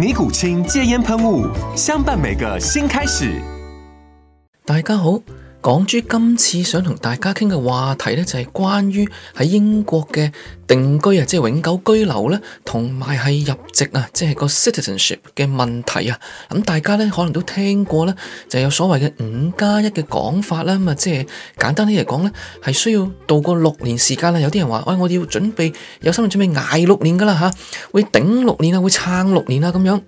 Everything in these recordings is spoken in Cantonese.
尼古清戒煙噴霧，相伴每個新開始。大家好。港珠今次想同大家傾嘅話題咧，就係關於喺英國嘅定居啊，即係永久居留咧，同埋係入籍啊，即係個 citizenship 嘅問題啊。咁大家咧可能都聽過啦，就有所謂嘅五加一嘅講法啦。咁啊，即係簡單啲嚟講咧，係需要度過六年時間啦。有啲人話，喂，我哋要準備，有心理準備挨六年噶啦吓，會頂六年啊，會撐六年啊，咁樣。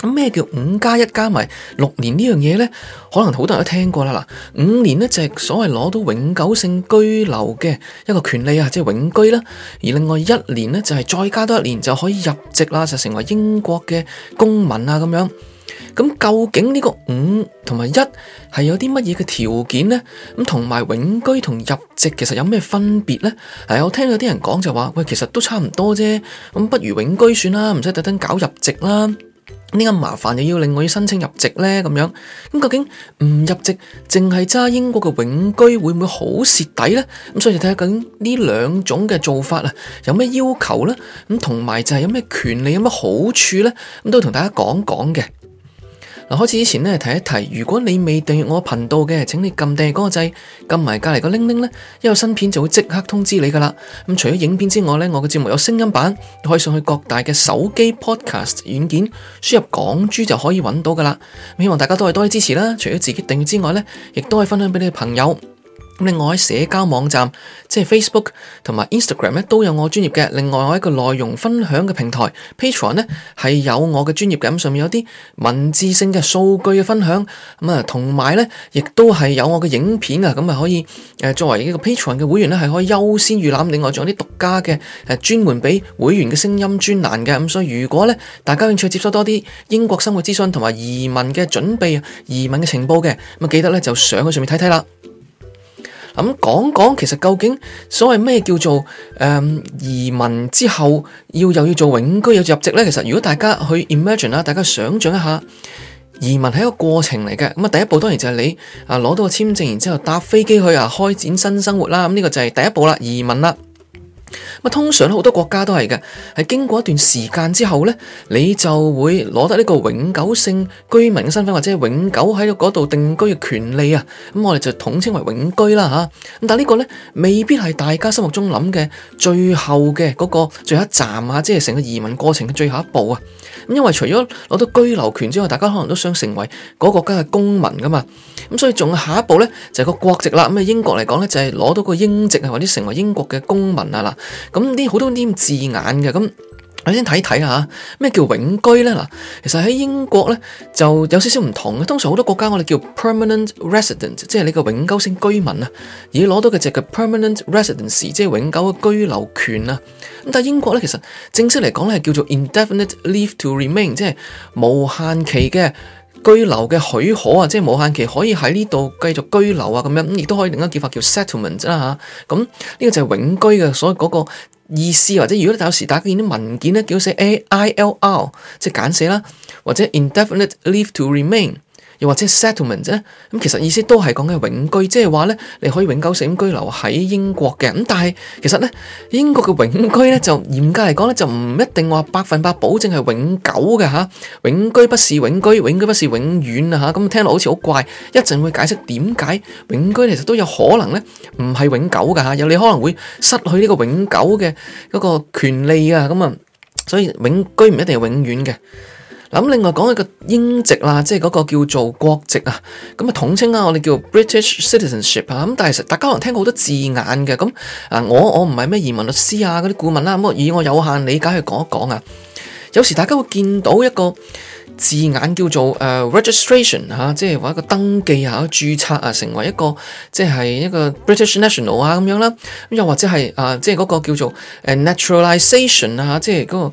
咁咩叫五加一加埋六年呢樣嘢呢？可能好多人都聽過啦。嗱，五年呢就係所謂攞到永久性居留嘅一個權利啊，即係永居啦。而另外一年呢，就係再加多一年就可以入籍啦，就成為英國嘅公民啊咁樣。咁究竟呢個五同埋一係有啲乜嘢嘅條件呢？咁同埋永居同入籍其實有咩分別呢？我聽到啲人講就話喂，其實都差唔多啫，咁不如永居算啦，唔使特登搞入籍啦。呢個麻煩又要另外申請入籍呢？咁樣。咁究竟唔入籍，淨係揸英國嘅永居會唔會好蝕底呢？咁所以就睇下究竟呢兩種嘅做法啊，有咩要求呢？咁同埋就係有咩權利，有咩好處呢？咁都同大家講講嘅。嗱，開始之前呢，提一提，如果你未訂閱我頻道嘅，請你撳訂閱嗰個掣，撳埋隔籬個鈴鈴呢，一有新片就會即刻通知你㗎啦。咁除咗影片之外呢，我嘅節目有聲音版，可以上去各大嘅手機 Podcast 軟件，輸入港珠就可以揾到㗎啦。希望大家都多係多啲支持啦，除咗自己訂閱之外呢，亦都可以分享俾你嘅朋友。另外喺社交網站，即係 Facebook 同埋 Instagram 都有我專業嘅。另外我一個內容分享嘅平台 Patreon 咧，係有我嘅專業嘅，上面有啲文字性嘅數據嘅分享。同埋呢，亦都係有我嘅影片啊。可以作為一個 Patreon 嘅會員呢，係可以優先預覽，另外仲有啲獨家嘅專門俾會員嘅聲音專欄嘅。所以如果呢，大家興趣接收多啲英國生活資訊同埋移民嘅準備、移民嘅情報嘅，咁記得呢，就上去上面睇睇啦。咁講講其實究竟所謂咩叫做誒、嗯、移民之後要又要做永居又入籍咧？其實如果大家去 imagine 啦，大家想像一下，移民係一個過程嚟嘅。咁啊，第一步當然就係你啊攞到個簽證，然之後搭飛機去啊開展新生活啦。咁、這、呢個就係第一步啦，移民啦。通常好多國家都係嘅，係經過一段時間之後呢，你就會攞得呢個永久性居民身份，或者永久喺度定居嘅權利啊。咁我哋就統稱為永居啦吓。咁但係呢個呢，未必係大家心目中諗嘅最後嘅嗰個最後一站啊，即係成個移民過程嘅最後一步啊。咁因為除咗攞到居留權之外，大家可能都想成為嗰國家嘅公民噶嘛。咁所以仲有下一步呢，就係個國籍啦。咁啊，英國嚟講呢，就係攞到個英籍或者成為英國嘅公民啊。咁啲好多啲字眼嘅，咁我先睇睇下，咩叫永居咧？嗱，其實喺英國咧就有少少唔同嘅。通常好多國家我哋叫 permanent resident，即係你個永久性居民啊，而攞到嘅只嘅 permanent residence，即係永久嘅居留權啊。咁但係英國咧，其實正式嚟講咧係叫做 indefinite leave to remain，即係無限期嘅。居留嘅許可啊，即係無限期可以喺呢度繼續居留啊，咁樣亦都可以另一個叫法叫 settlement 啦嚇。咁呢個就係永居嘅，所謂嗰個意思，或者如果你大有時見到啲文件咧，叫寫 A I L R 即係簡寫啦，或者 indefinite leave to remain。又或者 settlement 啫，咁其實意思都係講嘅永居，即係話咧，你可以永久性咁居留喺英國嘅。咁但係其實咧，英國嘅永居咧就嚴格嚟講咧，就唔一定話百分百保證係永久嘅吓。永居不是永居，永居不是永遠啊吓。咁聽落好似好怪，一陣會解釋點解永居其實都有可能咧，唔係永久噶吓，有你可能會失去呢個永久嘅嗰個權利啊。咁啊，所以永居唔一定係永遠嘅。咁，另外講一個英籍啦，即係嗰個叫做國籍啊，咁啊統稱啊，我哋叫 British citizenship 啊。咁但係實，大家可能聽過好多字眼嘅。咁啊，我我唔係咩移民律師啊，嗰啲顧問啦、啊，咁以我有限理解去講一講啊。有時大家會見到一個字眼叫做誒 registration 嚇，即係話一個登記嚇、註冊啊，成為一個即係一個 British national 啊咁樣啦。咁又或者係啊，即係嗰個叫做誒 naturalization 啊，即係嗰、嗰個。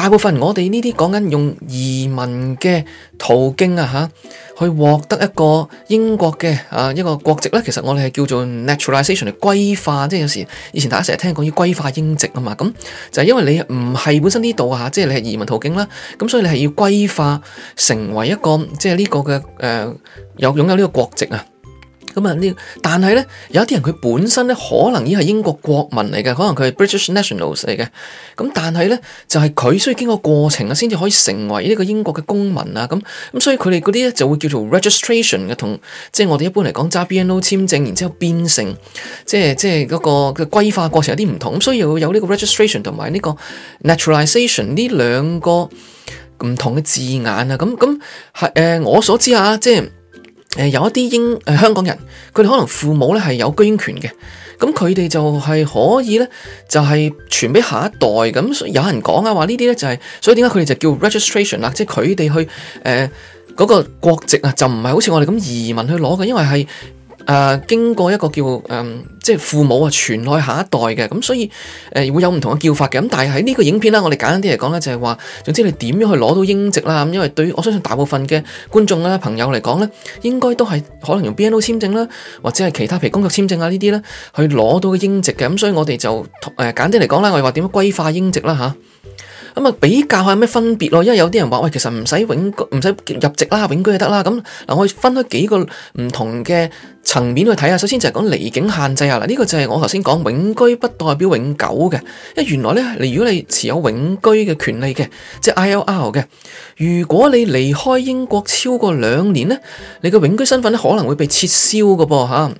大部分我哋呢啲講緊用移民嘅途徑啊，吓去獲得一個英國嘅啊一個國籍咧，其實我哋係叫做 naturalisation 嚟歸化，即係有時以前大家成日聽講要歸化英籍啊嘛，咁就係因為你唔係本身呢度啊，即係你係移民途徑啦，咁所以你係要歸化成為一個即係呢個嘅誒有擁有呢個國籍啊。咁啊，呢，但係咧，有啲人佢本身咧，可能已係英國國民嚟嘅，可能佢係 British Nationals 嚟嘅。咁但係咧，就係佢需要經過過程啊，先至可以成為呢個英國嘅公民啊。咁咁，所以佢哋嗰啲咧就會叫做 registration 嘅，同即係我哋一般嚟講揸 BNO 簽證，然之後變成即係即係嗰個嘅歸化過程有啲唔同。咁所以又有呢個 registration 個個同埋呢個 naturalization 呢兩個唔同嘅字眼啊。咁咁係誒，我所知啊，即係。誒、呃、有一啲英、呃、香港人，佢哋可能父母咧係有居英權嘅，咁佢哋就係可以咧，就係、係、傳俾下一代咁。所以有人講啊，話呢啲咧就係、係，所以點解佢哋就叫 registration 啦，即係佢哋去誒嗰、呃嗰個國籍啊，就唔係好似我哋咁移民去攞嘅，因為係。誒、啊，經過一個叫、嗯、即係父母啊，傳去下一代嘅，咁所以誒、呃、會有唔同嘅叫法嘅，咁但係喺呢個影片呢，我哋簡單啲嚟講呢，就係話，總之你點樣去攞到英籍啦，咁因為對我相信大部分嘅觀眾啦、朋友嚟講呢，應該都係可能用 BNO 簽證啦，或者係其他譬如工作簽證啊呢啲呢，去攞到嘅英籍嘅，咁、嗯、所以我哋就誒、呃、簡單啲嚟講啦，我哋話點樣規劃英籍啦吓，咁啊比較下咩分別咯，因為有啲人話喂，其實唔使永唔使入籍啦，永居就得啦，咁嗱，我分開幾個唔同嘅。層面去睇下，首先就係講離境限制啊，呢、這個就係我頭先講永居不代表永久嘅，一原來咧，你如果你持有永居嘅權利嘅，即係 I L R 嘅，如果你離開英國超過兩年咧，你嘅永居身份咧可能會被撤銷㗎噃吓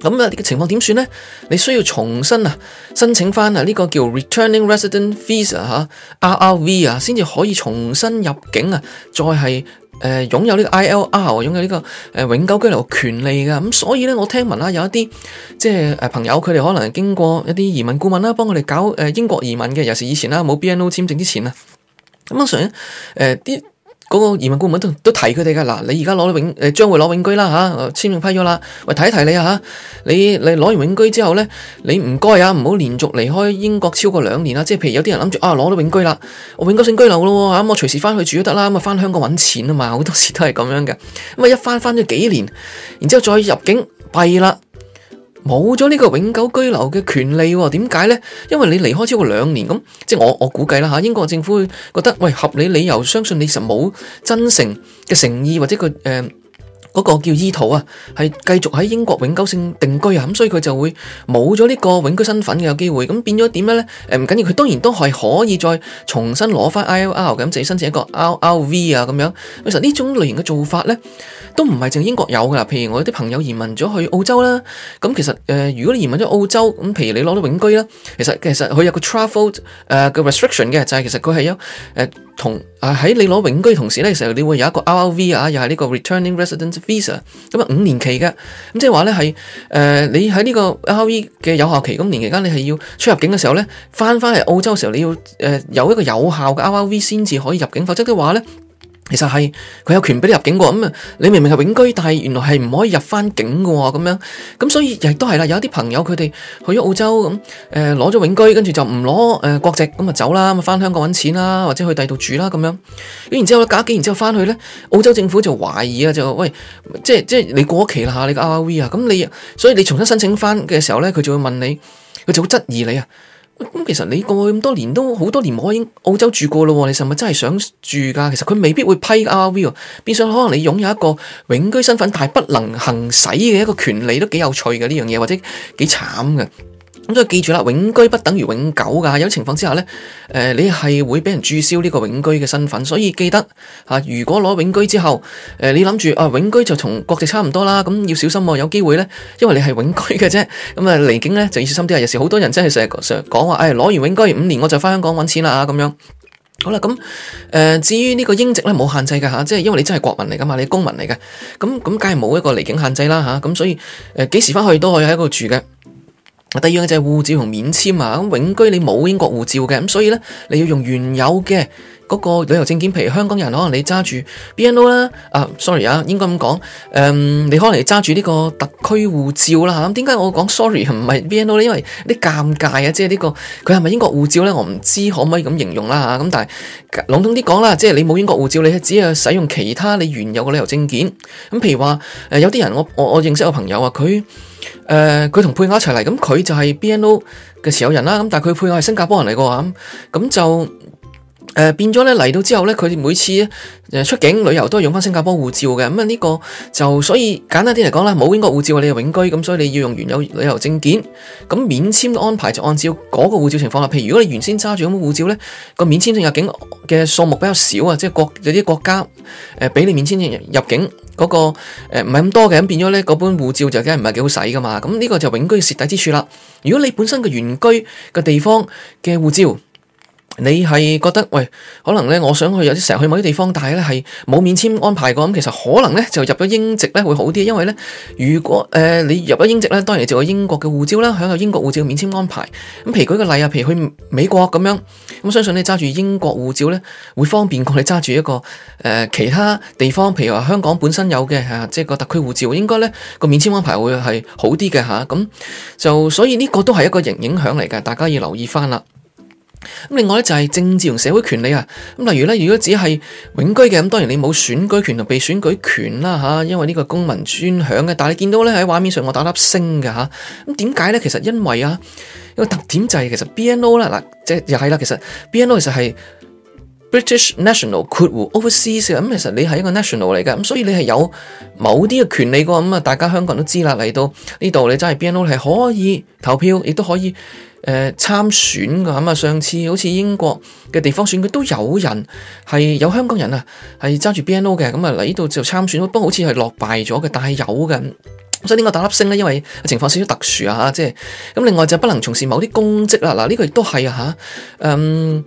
咁啊，你情況點算咧？你需要重新啊，申請翻啊，呢個叫 Returning Resident Visa 吓，RRV 啊，先至可以重新入境啊，再係誒、呃、擁有呢個 ILR，擁有呢、呢個、呃、永久居留權利噶。咁所以咧，我聽聞啦，有一啲即係朋友，佢哋可能經過一啲移民顧問啦，幫佢哋搞、呃、英國移民嘅，尤其以前啦冇 BNO 簽證之前啊。咁通常啲，呃嗰、那個移民顧問都都提佢哋㗎。嗱，你而家攞到永誒將會攞永居啦嚇，簽、啊、證批咗啦，喂，提一提你嚇、啊，你你攞完永居之後咧，你唔該啊，唔好連續離開英國超過兩年啦。即係譬如有啲人諗住啊攞到永居啦，我永久性居留咯啊咁、啊啊、我隨時翻去住都得啦，咁啊翻、啊、香港揾錢啊嘛，好多時都係咁樣嘅，咁 啊一翻翻咗幾年，然之後再入境弊啦。冇咗呢個永久居留嘅權利喎？點解咧？因為你離開超過兩年咁，即係我我估計啦嚇，英國政府會覺得喂合理理由，相信你實冇真誠嘅誠意或者佢……誒。嗰、那個叫伊圖啊，係繼續喺英國永久性定居啊，咁所以佢就會冇咗呢個永居身份嘅機會，咁變咗點樣咧？唔緊要，佢當然都係可以再重新攞返 ILR 咁自己申請一個 RRV 啊，咁樣。其實呢種類型嘅做法咧，都唔係淨英國有㗎啦，譬如我啲朋友移民咗去澳洲啦，咁其實誒、呃，如果你移民咗澳洲，咁譬如你攞到永居啦，其實其實佢有個 travel 誒、呃、個 restriction 嘅，就係、是、其實佢係有誒。呃同啊喺你攞永居同時咧時候，你會有一個 R L V 啊，又係呢個 Returning Residence Visa，咁啊五年期嘅，咁即係話咧係誒你喺呢個 R L V 嘅有效期咁年期間，你係要出入境嘅時候咧，翻翻嚟澳洲嘅時候，你要、呃、有一個有效嘅 R L V 先至可以入境，否則嘅話咧。其實係佢有權俾你入境嘅，咁啊你明明係永居，但係原來係唔可以入翻境嘅，咁樣咁所以亦都係啦。有啲朋友佢哋去咗澳洲咁，誒攞咗永居，跟住就唔攞誒國籍，咁啊走啦，咁翻香港揾錢啦，或者去第度住啦，咁樣然之後假幾然之後翻去咧，澳洲政府就懷疑啊，就喂，即係即係你過咗期啦吓，你個 R V 啊，咁你所以你重新申請翻嘅時候咧，佢就會問你，佢就好質疑你啊。咁其實你過去咁多年都好多年，多年冇喺澳洲住過咯。你係咪真係想住㗎？其實佢未必會批 RV，變相可能你擁有一個永居身份，但係不能行使嘅一個權利，都幾有趣嘅呢樣嘢，或者幾慘嘅。咁所以記住啦，永居不等於永久㗎，有情況之下咧，誒、呃、你係會俾人註銷呢個永居嘅身份，所以記得、啊、如果攞永居之後，呃、你諗住啊，永居就同國籍差唔多啦，咁要小心喎、啊。有機會咧，因為你係永居嘅啫，咁、嗯、離境咧就要小心啲啊。有時好多人真係成日成日講話，攞、哎、完永居五年我就翻香港揾錢啦咁樣。好啦，咁誒、呃、至於呢個英籍咧冇限制㗎、啊。即係因為你真係國民嚟㗎嘛，你公民嚟㗎。咁咁梗係冇一個離境限制啦咁、啊、所以誒幾、呃、時翻去都可以喺度住嘅。第二嘅就係護照同免簽啊，永居你冇英國護照嘅，咁所以呢，你要用原有嘅。嗰、那個旅遊證件，譬如香港人，可能你揸住 BNO 啦、啊，啊，sorry 啊，應該咁講，誒、嗯，你可能揸住呢個特區護照啦嚇，咁點解我講 sorry 唔係 BNO 呢？因為啲尷尬啊，即係呢個佢係咪英國護照呢？我唔知可唔可以咁形容啦嚇，咁但係，籠統啲講啦，即、就、係、是、你冇英國護照，你只係使用其他你原有嘅旅遊證件。咁、嗯、譬如話，有啲人，我我我認識個朋友啊，佢誒佢同配偶一齊嚟，咁佢就係 BNO 嘅持有人啦。咁但係佢配偶係新加坡人嚟個，咁咁就。誒、呃，變咗咧嚟到之後咧，佢哋每次誒出境、呃、出境旅遊都係用翻新加坡護照嘅，咁啊呢個就所以簡單啲嚟講啦，冇英國護照你就永居，咁所以你要用原有旅遊證件，咁免簽安排就按照嗰個護照情況啦。譬如如果你原先揸住咁嘅護照咧，嗰個免簽證入境嘅數目比較少啊，即係國有啲國家誒俾、呃、你免簽證入境嗰、嗰個誒唔係咁多嘅，咁變咗咧嗰本護照就梗係唔係幾好使噶嘛。咁、嗯、呢、呢個就永居嘅蝕底之處啦。如果你本身嘅原居嘅地方嘅護照。你係覺得喂，可能咧我想去有啲成日去某啲地方，但係咧係冇免簽安排個咁，其實可能咧就入咗英籍咧會好啲，因為咧如果誒、呃、你入咗英籍咧，當然就有英國嘅護照啦，享有英國護照嘅免簽安排。咁譬如舉個例啊，譬如去美國咁樣，咁我相信你揸住英國護照咧會方便過你揸住一個誒、呃、其他地方，譬如話香港本身有嘅吓即係個特區護照，應該咧個免簽安排會係好啲嘅吓，咁就所以呢個都係一個影影響嚟嘅，大家要留意翻啦。咁另外呢就係政治同社會權利啊，咁例如呢，如果只係永居嘅，咁當然你冇選舉權同被選舉權啦吓，因為呢個公民專享嘅。但係你見到呢喺畫面上我打粒星嘅吓，咁點解呢？其實因為啊，一個特點就係其實 BNO 啦嗱，即係又係啦，其實 BNO 其實係 British National 括弧 Overseas 咁，其實你係一個 national 嚟㗎。咁所以你係有某啲嘅權利㗎。咁啊，大家香港人都知啦，嚟到呢度你真係 BNO 係可以投票，亦都可以。誒、呃、參選㗎咁啊，上次好似英國嘅地方選舉都有人係有香港人啊，係揸住 BNO 嘅，咁啊，嚟呢度就參選，不過好似係落敗咗嘅，但係有嘅。所以呢個打粒星咧，因為情況少少特殊啊，即係咁。另外就不能從事某啲公職啦。嗱、啊，呢、啊呢個亦都係啊嗯。啊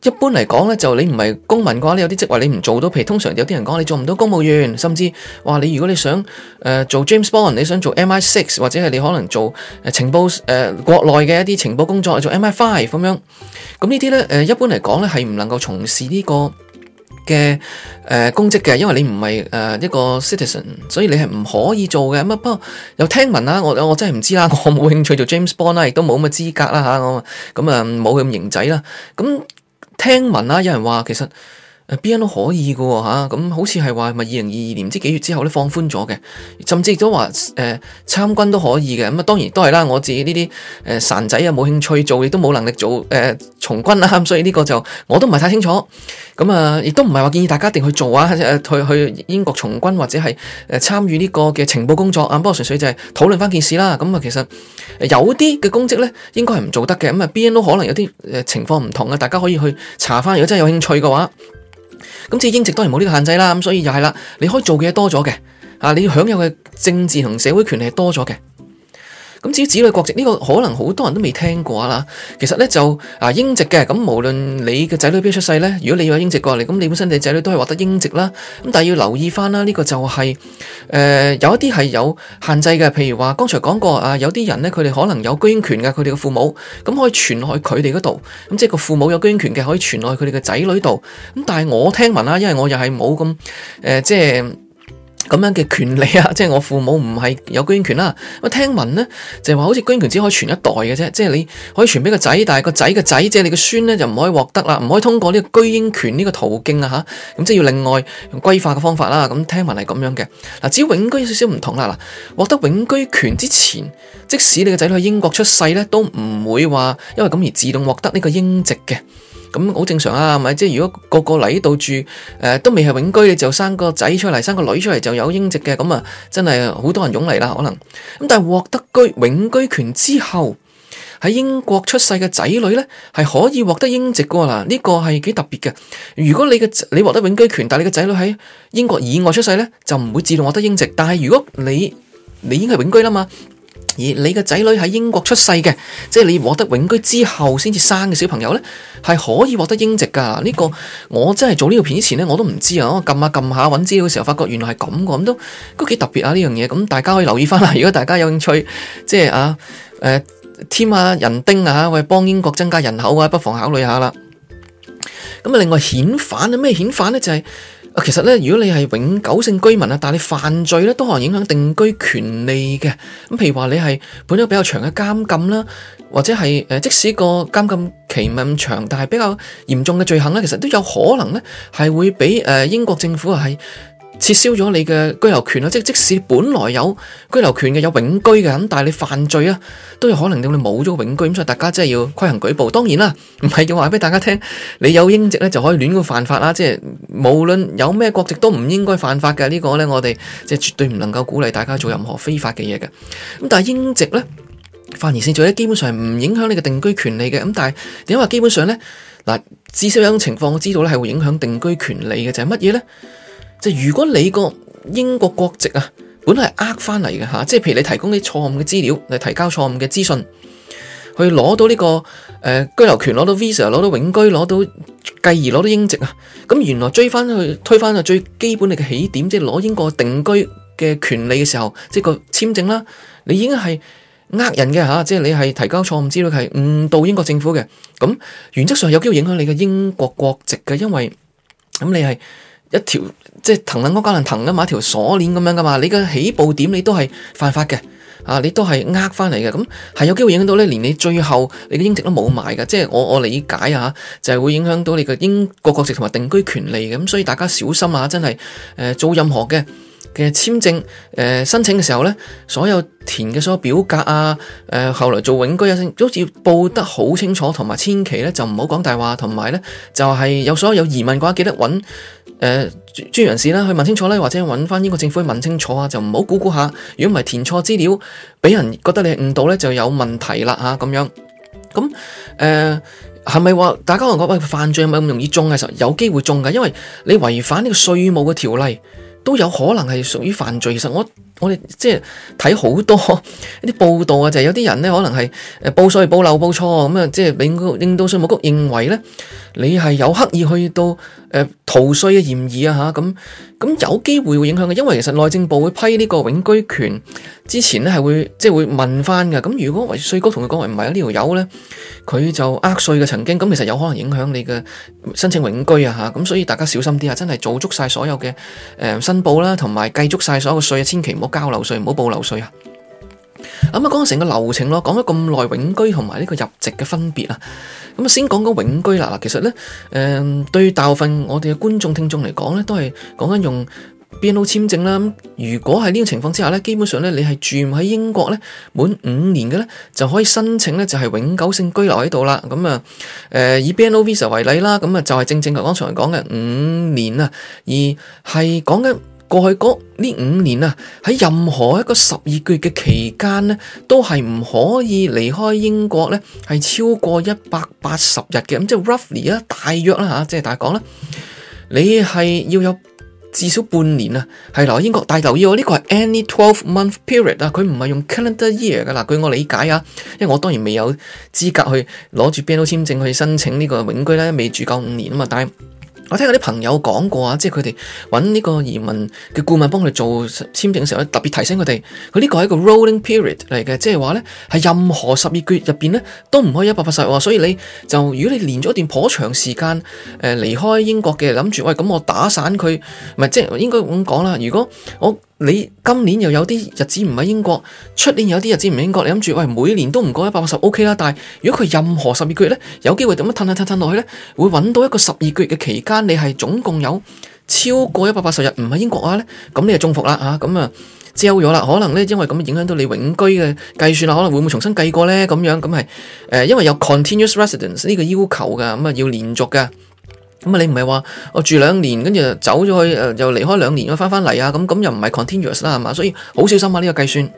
一般嚟講咧，就你唔係公民嘅話，你有啲職位你唔做到。譬如通常有啲人講，你做唔到公務員，甚至話你如果你想誒、呃、做 James Bond，你想做 MI six 或者係你可能做誒情報誒、呃、國內嘅一啲情報工作，做 MI five 咁樣。咁呢啲咧誒，一般嚟講咧係唔能夠從事呢個嘅誒、呃、公職嘅，因為你唔係誒一個 citizen，所以你係唔可以做嘅。咁啊不過有聽聞啦、啊，我我真係唔知啦、啊，我冇興趣做 James Bond 啦、啊，亦都冇乜資格啦、啊、吓。咁咁啊冇咁型仔啦，咁。呃聽聞啦、啊，有人話，其實，BNO 都可以嘅喎，咁好似係話咪二零二二年唔知幾月之後咧放寬咗嘅，甚至亦都話誒參軍都可以嘅。咁啊，當然都係啦。我自己呢啲誒孱仔啊，冇興趣做，亦都冇能力做誒從、呃、軍啦。咁所以呢個就我都唔係太清楚。咁、嗯、啊，亦都唔係話建議大家一定去做啊。去去英國從軍或者係誒參與呢個嘅情報工作啊。不過純粹就係討論翻件事啦。咁、嗯、啊，其實有啲嘅公職咧應該係唔做得嘅。咁啊，BNO 都可能有啲誒、呃、情況唔同啊。大家可以去查翻，如果真係有興趣嘅話。咁至於英籍當然冇呢個限制啦，咁所以就係啦，你可以做嘅嘢多咗嘅，啊，你要享有嘅政治同社會權利係多咗嘅。咁至於子女國籍呢個可能好多人都未聽過啦。其實咧就啊，英籍嘅咁，無論你嘅仔女邊出世咧，如果你要有英籍過嚟，咁你本身你仔女都係獲得英籍啦。咁但係要留意翻啦，呢個就係誒有一啲係有限制嘅，譬如話，剛才講過啊，有啲人咧佢哋可能有居英權嘅，佢哋嘅父母咁可以傳去佢哋嗰度，咁即係個父母有居英權嘅可以傳去佢哋嘅仔女度。咁但係我聽聞啦，因為我又係冇咁誒，即係。咁樣嘅權利啊，即係我父母唔係有居英權啦。咁聽聞呢，就係話好似居英權只可以傳一代嘅啫，即係你可以傳俾個仔，但係個仔嘅仔即係你嘅孫呢，就唔可以獲得啦，唔可以通過呢個居英權呢個途徑啊吓，咁即係要另外用歸化嘅方法啦。咁聽聞係咁樣嘅。嗱，至於永居有少少唔同啦。嗱，獲得永居權之前，即使你個仔女喺英國出世呢，都唔會話因為咁而自動獲得呢個英籍嘅。咁好正常啊，咪即係如果個個嚟呢度住，誒、呃、都未係永居你就生個仔出嚟，生個女出嚟就有英籍嘅，咁啊真係好多人湧嚟啦，可能。咁但係獲得居永居權之後喺英國出世嘅仔女咧，係可以獲得英籍噶。嗱，呢個係幾特別嘅。如果你嘅你獲得永居權，但係你嘅仔女喺英國以外出世咧，就唔會自動獲得英籍，但係如果你你已經係永居啦嘛。而你嘅仔女喺英國出世嘅，即係你獲得永居之後先至生嘅小朋友呢，係可以獲得英籍噶。呢個我真係做呢個片之前呢，我都唔知啊。我撳下撳下，揾資料嘅時候發覺原來係咁噶，咁都都幾特別啊呢樣嘢。咁大家可以留意翻啦。如果大家有興趣，即係啊誒添下人丁啊，喂幫英國增加人口啊，不妨考慮下啦。咁啊，另外遣返啊，咩遣返呢？就係。其實咧，如果你係永久性居民啊，但係你犯罪咧，都可能影響定居權利嘅。咁譬如話你係判咗比較長嘅監禁啦，或者係誒，即使個監禁期唔咁長，但係比較嚴重嘅罪行咧，其實都有可能咧，係會俾誒英國政府係。撤銷咗你嘅居留權啦，即係即使本來有居留權嘅有永居嘅，咁，但係你犯罪啊，都有可能令你冇咗永居。咁所以大家真係要規行矩步。當然啦，唔係要話俾大家聽，你有英籍咧，就可以亂咁犯法啦。即係無論有咩國籍都唔應該犯法嘅呢、呢個呢，我哋即係絕對唔能夠鼓勵大家做任何非法嘅嘢嘅。咁但係英籍呢，犯而先罪咧，基本上係唔影響你嘅定居權利嘅。咁但係點解話基本上呢？嗱，至少有種情況我知道咧，係會影響定居權利嘅，就係乜嘢呢？就如果你個英國國籍啊，本來係呃翻嚟嘅吓，即係譬如你提供啲錯誤嘅資料嚟提交錯誤嘅資訊，去攞到呢個誒居留權，攞到 visa，攞到永居，攞到，繼而攞到英籍啊，咁原來追翻去，推翻去最基本嘅起點，即係攞英國定居嘅權利嘅時候，即係個簽證啦，你已經係呃人嘅吓，即係你係提交錯誤資料，係誤導英國政府嘅，咁原則上有機會影響你嘅英國國籍嘅，因為咁你係。一條即係騰冷光交人騰㗎嘛，一條鎖鏈咁樣㗎嘛，你嘅起步點你都係犯法嘅，啊，你都係呃翻嚟嘅，咁係有機會影響到咧，連你最後你嘅英籍都冇埋嘅，即係我我理解啊，就係、係、會影響到你嘅英國國籍同埋定居權利嘅，咁所以大家小心啊，真係誒做任何嘅。嘅簽證，呃、申請嘅時候咧，所有填嘅所有表格啊，誒、呃、後來做永居一性，都要報得好清楚，同埋千祈咧就唔好講大話，同埋咧就係、是、有所有疑問嘅話，記得揾誒、呃、專業人士啦去問清楚啦，或者揾翻英國政府去問清楚啊，就唔好估估下。如果唔係填錯資料，俾人覺得你係誤導咧，就有問題啦咁、啊、樣。咁誒係咪話大家可能覺喂，犯罪係咪咁容易中嘅時候，有機會中㗎？因為你違反呢個稅務嘅條例。都有可能係屬於犯罪。其實我我哋即係睇好多一啲報道啊，就係有啲人咧可能係誒報稅報漏報錯咁啊，即係令到令到稅務局認為咧，你係有刻意去到。逃稅嘅嫌疑啊吓，咁咁有機會會影響嘅，因為其實內政部會批呢個永居權之前咧，係會即係會問翻嘅。咁如果稅局同佢講為唔係啊，這個、呢條友咧，佢就呃稅嘅曾經，咁其實有可能影響你嘅申請永居啊吓。咁所以大家小心啲啊，真係做足晒所有嘅誒申報啦，同埋計足晒所有嘅稅啊，千祈唔好交漏稅，唔好報漏稅啊。咁啊，講成個流程咯，講咗咁耐，永居同埋呢個入籍嘅分別啊。咁啊，先講講永居啦。其實咧，誒、呃，對大部分我哋嘅觀眾聽眾嚟講咧，都係講緊用 BNO 簽證啦。咁如果喺呢種情況之下咧，基本上咧你係住喺英國咧滿五年嘅咧，就可以申請咧就係永久性居留喺度啦。咁啊，誒，以 BNO Visa 為例啦，咁啊就係正正我剛才講嘅五年啊，而係講緊。過去嗰呢五年啊，喺任何一個十二個月嘅期間咧，都係唔可以離開英國咧，係超過一百八十日嘅。咁即係 roughly 啊，大約啦吓，即係大家講啦。你係要有至少半年啊，係留喺英國。但係留意我、哦、呢、這個係 any twelve month period 啊，佢唔係用 calendar year 㗎喇。據我理解啊，因為我當然未有資格去攞住 BNO 簽證去申請呢個永居啦，因為未住夠五年啊嘛，但係。我聽我啲朋友講過啊，即係佢哋揾呢個移民嘅顧問幫佢哋做簽證嘅時候，特別提醒佢哋，佢呢個係一個 rolling period 嚟嘅。即係話咧係任何十二個月入面咧都唔可以一百八十喎，所以你就如果你連咗一段頗長時間誒離開英國嘅，諗住喂，咁我打散佢，唔係，即係應該咁講啦，如果我。你今年又有啲日子唔喺英國，出年有啲日子唔喺英國，你諗住喂每年都唔過一百八十 OK 啦。但係如果佢任何十二個月咧，有機會點樣褪下褪下落去咧，會揾到一個十二個月嘅期間，你係總共有超過一百八十日唔喺英國嘅話咧，咁你就中伏啦吓，咁啊，交咗啦，可能咧因為咁影響到你永居嘅計算啦，可能會唔會重新計過咧？咁樣咁係、呃、因為有 continuous residence 呢個要求㗎，咁啊要連續㗎。咁啊，你唔係話我住兩年，跟住走咗去，又離開兩年，又翻返嚟啊，咁咁又唔係 continuous 啦，係嘛，所以好小心啊呢個計算。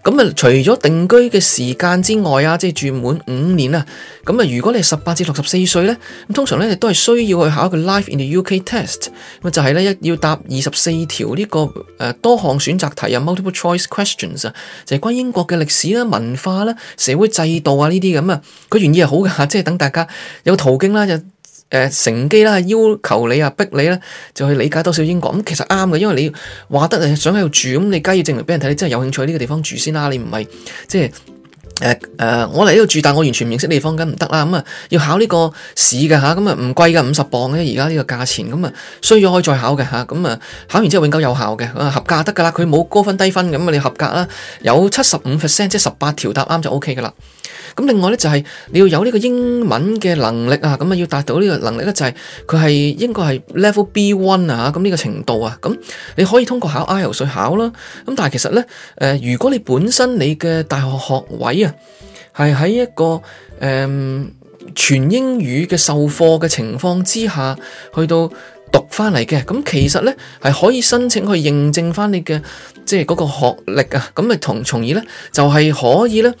咁啊，除咗定居嘅時間之外啊，即係住滿五年啊，咁啊，如果你係十八至六十四歲咧，咁通常咧你都係需要去考一個 Life in the UK Test，咁就係咧一要答二十四條呢個誒多項選擇題啊，multiple choice questions 啊，就係關於英國嘅歷史啦、文化啦、社會制度啊呢啲咁啊，佢原意係好㗎，即係等大家有個途徑啦，就。誒、呃，乘機啦，要求你啊，逼你咧，就去理解多少英國咁、嗯，其實啱嘅，因為你話得誒，想喺度住咁，你梗係要證明俾人睇，你真係有興趣呢個地方住先啦，你唔係即係誒誒，我嚟呢度住，但係我完全唔認識地方，梗唔得啦，咁、嗯、啊要考呢個試㗎，吓、啊，咁啊唔貴噶，五十磅嘅而家呢個價錢，咁、嗯、啊衰咗可以再考嘅吓，咁啊考完之後永久有效嘅，啊合格得噶啦，佢冇高分低分咁啊、嗯，你合格啦，有七十五 percent，即係十八條答啱就 OK 噶啦。咁另外咧就係你要有呢個英文嘅能力啊，咁啊要達到呢個能力咧就係佢係應該係 level B one 啊，咁呢個程度啊，咁你可以通過考 IELTS 考啦。咁但係其實咧，誒如果你本身你嘅大學學位啊係喺一個誒、嗯、全英語嘅授課嘅情況之下去到讀翻嚟嘅，咁其實咧係可以申請去認證翻你嘅即係嗰個學歷啊，咁啊同從而咧就係、是、可以咧。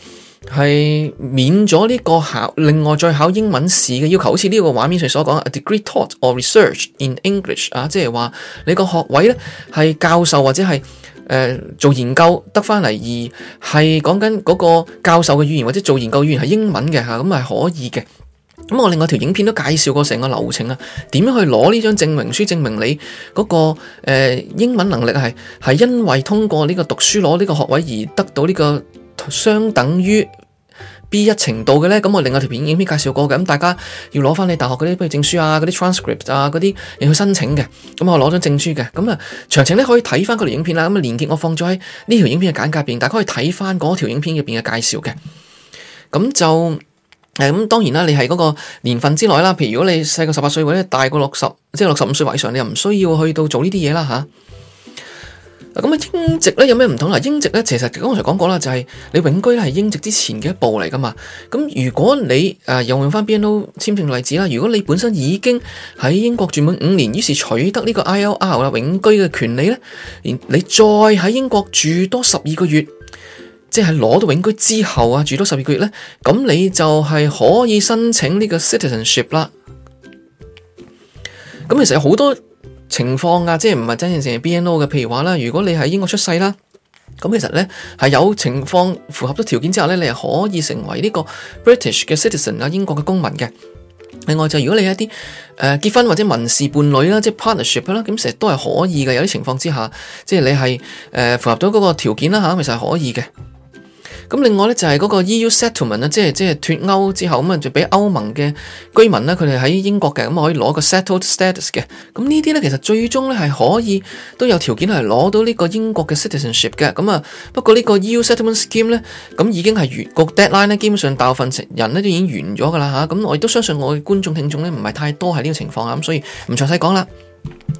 係免咗呢個考，另外再考英文試嘅要求，好似呢個畫面上所講嘅 degree taught or research in English 啊，即係話你個學位咧，係教授或者係誒、呃、做研究得翻嚟，而係講緊嗰個教授嘅語言或者做研究語言係英文嘅吓，咁、啊、係可以嘅。咁我另外條影片都介紹過成個流程啊，點樣去攞呢張證明書，證明你嗰、那個誒、呃、英文能力係係因為通過呢個讀書攞呢個學位而得到呢個相等於。B1 程度嘅咧，咁我另外條片影片介紹過嘅，咁大家要攞翻你大學嗰啲，譬如證書啊，嗰啲 transcript 啊，嗰啲，你去申請嘅，咁我攞張證書嘅，咁啊，詳情咧可以睇翻嗰條影片啦。咁啊，鏈接我放咗喺呢條影片嘅簡介入邊，大家可以睇翻嗰條影片入邊嘅介紹嘅。咁就誒，咁當然啦，你係嗰個年份之內啦。譬如如果你細過十八歲或者大過六十，即係六十五歲或以上，你又唔需要去到做呢啲嘢啦。吓。咁啊，英籍咧有咩唔同啦？英籍咧，其實剛才講過啦，就係、是、你永居咧係英籍之前嘅一步嚟噶嘛。咁如果你誒又用翻 BNO 簽證例子啦，如果你本身已經喺英國住滿五年，於是取得呢個 I L R 啦永居嘅權利咧，然你再喺英國住多十二個月，即係攞到永居之後啊，住多十二個月咧，咁你就係可以申請呢個 citizenship 啦。咁其實有好多。情況啊，即係唔係真正成 BNO 嘅，譬如話啦，如果你喺英國出世啦，咁其實咧係有情況符合咗條件之後咧，你係可以成為呢個 British 嘅 citizen 啊，英國嘅公民嘅。另外就是、如果你係一啲誒、呃、結婚或者民事伴侶啦，即係 partnership 啦，咁成日都係可以嘅。有啲情況之下，即係你係符合到嗰個條件啦、啊、其實係可以嘅。咁另外呢，就係嗰個 EU settlement 啦，即係即係脫歐之後咁啊，就俾歐盟嘅居民呢，佢哋喺英國嘅咁可以攞個 settled status 嘅。咁呢啲呢，其實最終呢，係可以都有條件係攞到呢個英國嘅 citizenship 嘅。咁啊，不過呢個 EU settlement scheme 呢，咁已經係越個 deadline 呢，基本上大部分人呢都已經完咗㗎啦吓。咁我亦都相信我嘅觀眾聽眾呢，唔係太多係呢個情況啊，咁所以唔詳細講啦。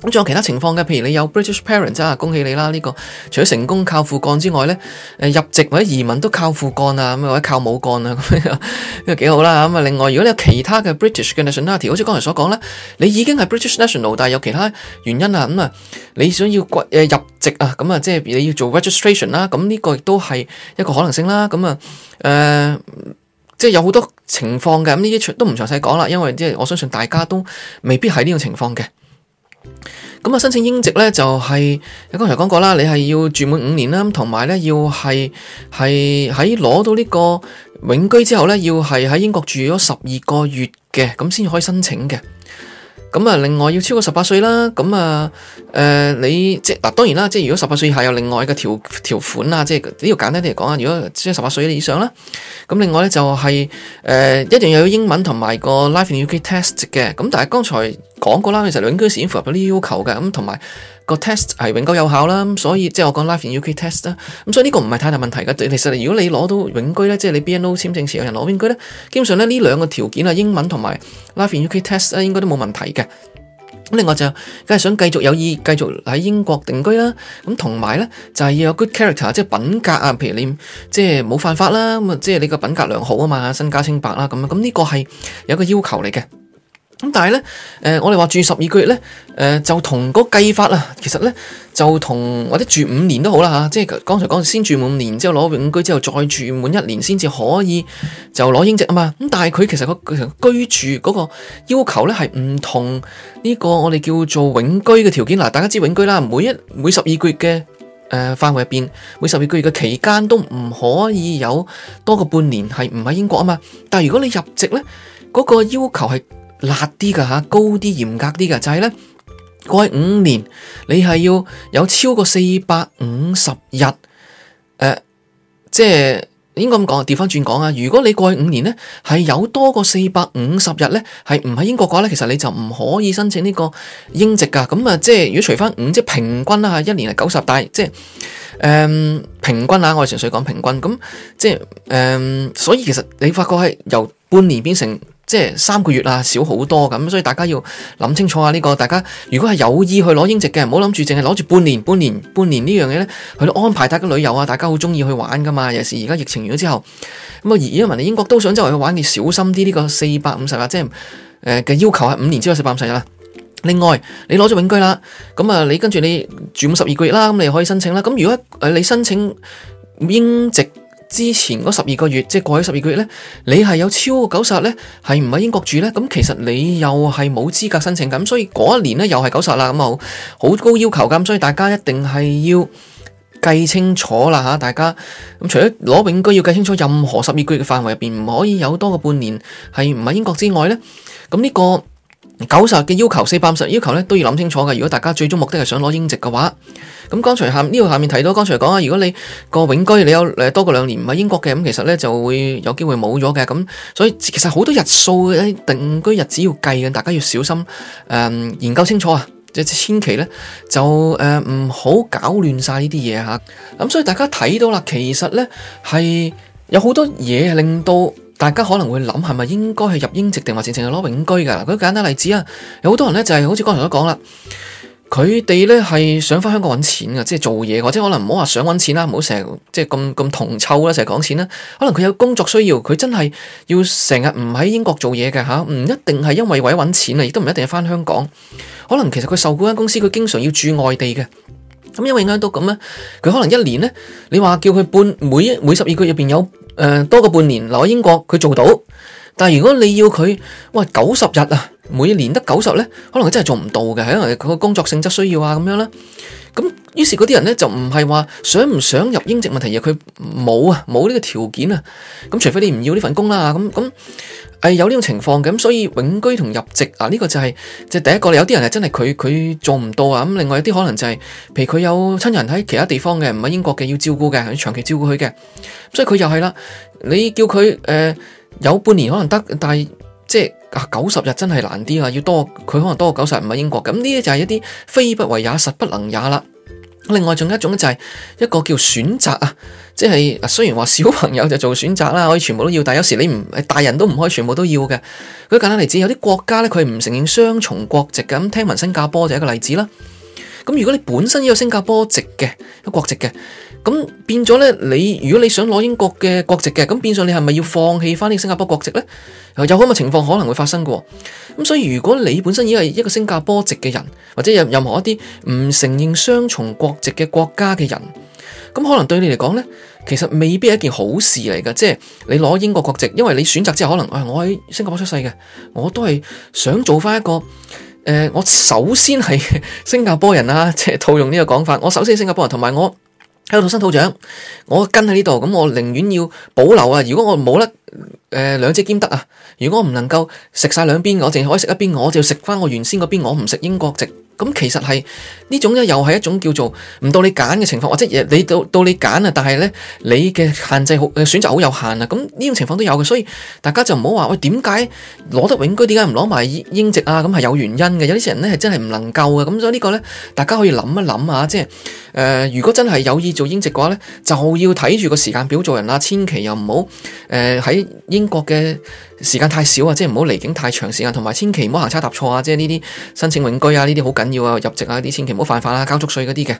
咁仲有其他情況嘅，譬如你有 British parents，恭喜你啦！呢個除咗成功靠父幹之外咧，誒，入籍或者移民都靠父幹啊，咁或者靠母幹啊，咁啊，因幾好啦。咁啊，另外如果你有其他嘅 British nationality，好似剛才所講咧，你已經係 British national，但係有其他原因啊，咁啊，你想要入籍啊，咁啊，即係你要做 registration 啦，咁呢個亦都係一個可能性啦。咁啊，誒，呃，即係有好多情況嘅，咁呢啲都唔詳細講啦，因為即係我相信大家都未必係呢種情況嘅。咁啊，申請英籍咧就係、是，你剛才講過啦，你係要住滿五年啦，同埋咧要係係喺攞到呢個永居之後咧，要係喺英國住咗十二個月嘅，咁先可以申請嘅。咁啊，另外要超過十八歲啦，咁啊，誒、呃，你即嗱，當然啦，即係如果十八歲係有另外嘅條條款啊，即係呢個簡單啲嚟講啊，如果即係十八歲以上啦，咁另外咧就係、是、誒、呃，一定要有英文同埋個 Life in UK Test 嘅，咁但係剛才。講過啦，其實永居時已經符合嗰要求嘅，咁同埋個 test 係永久有效啦，咁所以即係、就是、我講 life in UK test 啦，咁所以呢個唔係太大問題嘅。其實如果你攞到永居咧，即、就、係、是、你 BNO 簽證持有人攞永居咧，基本上咧呢兩個條件啊，英文同埋 life in UK test 咧，應該都冇問題嘅。咁另外就梗係想繼續有意繼續喺英國定居啦，咁同埋咧就係要有 good character，即係品格啊，譬如你即係冇犯法啦，咁啊即係你個品格良好啊嘛，身家清白啦，咁咁呢個係有一個要求嚟嘅。咁但係咧，誒、呃，我哋話住十二個月咧，誒、呃，就同個計法啦，其實咧就同或者住五年都好啦、啊、即係剛才講先住五年，之後攞永居之後再住滿一年先至可以就攞英籍啊嘛。咁但係佢其實個居住嗰個要求咧係唔同呢個我哋叫做永居嘅條件嗱、啊，大家知永居啦，每一每十二個月嘅誒、呃、範圍入邊每十二個月嘅期間都唔可以有多過半年係唔喺英國啊嘛。但係如果你入籍咧，嗰個要求係。辣啲㗎，高啲，嚴格啲㗎。就係、是、咧，過去五年你係要有超過四百五十日，呃、即係應該咁講，調翻轉講啊，如果你過去五年咧係有多過四百五十日咧，係唔喺英國嘅話咧，其實你就唔可以申請呢個英籍噶。咁啊，即係如果除翻五，即係平均啦，一年係九十，但係即係誒平均啊，我係純粹講平均。咁即係誒、呃呃，所以其實你發覺係由半年變成，即係三個月啊，少好多咁，所以大家要諗清楚啊、呢個！呢個大家如果係有意去攞英籍嘅，唔好諗住淨係攞住半年、半年、半年呢樣嘢咧，去到安排大家旅遊啊！大家好中意去玩㗎嘛？尤其是而家疫情完咗之後，咁啊，而家移民嚟英國都想周圍去玩，你小心啲呢個四百五十啊，即係嘅要求係五年之後四百五十啊。另外，你攞咗永居啦，咁啊，你跟住你住五十二個月啦，咁你可以申請啦。咁如果你申請英籍，之前嗰十二個月，即係過去十二個月呢，你係有超過九十日呢，係唔喺英國住呢。咁其實你又係冇資格申請咁，所以嗰一年呢又係九十日啦，咁好，好高要求㗎，所以大家一定係要計清楚啦吓，大家咁除咗攞永居要計清楚任何十二個月嘅範圍入邊唔可以有多個半年係唔喺英國之外呢。咁呢個。九十嘅要求，四百五十要求咧，都要諗清楚嘅。如果大家最終目的係想攞英籍嘅話，咁剛才下呢度下面提到，剛才講啊，如果你個永居你有誒多過兩年唔係英國嘅，咁其實咧就會有機會冇咗嘅。咁所以其實好多日數嘅定居日子要計嘅，大家要小心誒、嗯，研究清楚啊，即千祈咧就誒唔好搞亂晒呢啲嘢吓。咁所以大家睇到啦，其實咧係有好多嘢係令到。大家可能會諗係咪應該係入英籍定話直情係攞永居㗎嗱？舉簡單例子啊，有好多人呢就係好似剛才都講啦，佢哋呢係想返香港揾錢嘅，即係做嘢，或者可能唔好話想揾錢啦，唔好成日即係咁咁銅臭啦，成日講錢啦。可能佢有工作需要，佢真係要成日唔喺英國做嘢嘅，唔一定係因為為咗揾錢啊，亦都唔一定係返香港。可能其實佢受雇間公司，佢經常要住外地嘅。咁因為啱啱都咁啦，佢可能一年咧，你話叫佢半每每十二個月入面有誒、呃、多過半年，留喺英國佢做到，但如果你要佢喂，九十日啊，每年得九十咧，可能佢真係做唔到嘅，係因為佢個工作性質需要啊咁樣啦。咁於是嗰啲人呢，就唔係話想唔想入英籍問題而，佢冇啊，冇呢個條件啊。咁除非你唔要呢份工啦。咁咁係有呢種情況嘅，所以永居同入籍啊，呢、呢個就係即係第一個。有啲人係真係佢佢做唔到啊。咁另外有啲可能就係、係，譬如佢有親人喺其他地方嘅，唔喺英國嘅要照顧嘅，要長期照顧佢嘅，所以佢又係啦。你叫佢誒、呃、有半年可能得，但係即係九十日真係難啲啊，要多佢可能多過九十日唔係英國咁，呢啲就係一啲非不為也，實不能也啦。另外仲有一種就係一個叫選擇啊，即係雖然話小朋友就做選擇啦，可以全部都要，但有時你唔，大人都唔可以全部都要嘅。舉簡單例子，有啲國家呢，佢唔承認雙重國籍嘅，咁聽聞新加坡就係一個例子啦。咁如果你本身有新加坡籍嘅，有國籍嘅，咁變咗咧，你如果你想攞英國嘅國籍嘅，咁變相你係咪要放棄翻呢個新加坡國籍呢？有咁嘅情況可能會發生嘅。咁所以如果你本身已經係一個新加坡籍嘅人，或者任何一啲唔承認雙重國籍嘅國家嘅人，咁可能對你嚟講呢，其實未必係一件好事嚟嘅。即係你攞英國國籍，因為你選擇之後可能，誒，我喺新加坡出世嘅，我都係想做翻一個。誒、呃，我首先係新加坡人啊，即係套用呢個講法。我首先係新加坡人，同埋我喺度土生土長，我跟喺呢度。咁我寧願要保留啊。如果我冇得誒兩、呃、者兼得啊，如果我唔能夠食晒兩邊，我淨係可以食一邊，我就要食翻我原先嗰邊，我唔食英國籍。咁其實係呢種咧，又係一種叫做唔到你揀嘅情況，或者你到到你揀啊，但係咧你嘅限制好選擇好有限啊，咁呢種情況都有嘅，所以大家就唔好話喂，點解攞得永居，點解唔攞埋英籍啊？咁係有原因嘅，有啲人咧係真係唔能夠嘅，咁所以個呢個咧大家可以諗一諗啊，即係誒如果真係有意做英籍嘅話咧，就要睇住個時間表做人啦，千祈又唔好誒喺英國嘅。時間太少啊，即係唔好離境太長時間，同埋千祈唔好行差踏錯啊！即係呢啲申請永居啊，呢啲好緊要啊，入籍啊啲，千祈唔好犯法啊，交足稅嗰啲嘅。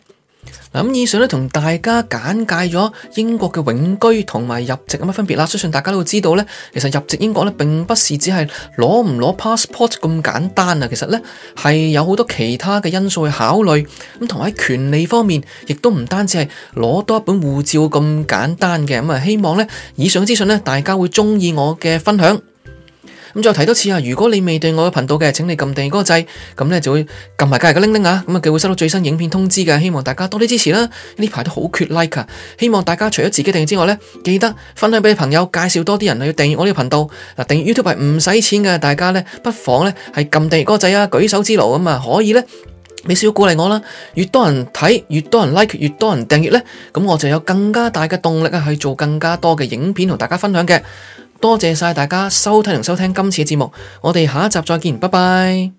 咁以上咧同大家簡介咗英國嘅永居同埋入籍有乜分別啦。相信大家都會知道咧，其實入籍英國咧並不是只係攞唔攞 passport 咁簡單啊。其實咧係有好多其他嘅因素去考慮，咁同埋喺權利方面亦都唔單止係攞多一本護照咁簡單嘅。咁啊，希望咧以上資訊咧大家會中意我嘅分享。咁再提多次啊！如果你未訂閱我嘅頻道嘅，請你撳訂閱嗰個掣，咁咧就會撳埋隔籬個鈴鈴啊！咁啊，佢會收到最新影片通知嘅。希望大家多啲支持啦！呢排都好缺 like 啊！希望大家除咗自己訂閱之外呢，記得分享俾朋友，介紹多啲人去訂閱我呢個頻道。嗱，訂閱 YouTube 係唔使錢嘅，大家呢不妨呢係撳訂閱嗰個掣啊，舉手之勞咁啊，可以呢，俾少少鼓勵我啦！越多人睇，越多人 like，越多人訂閱呢，咁我就有更加大嘅動力去做更加多嘅影片同大家分享嘅。多謝晒大家收睇同收聽今次嘅節目，我哋下一集再見，拜拜。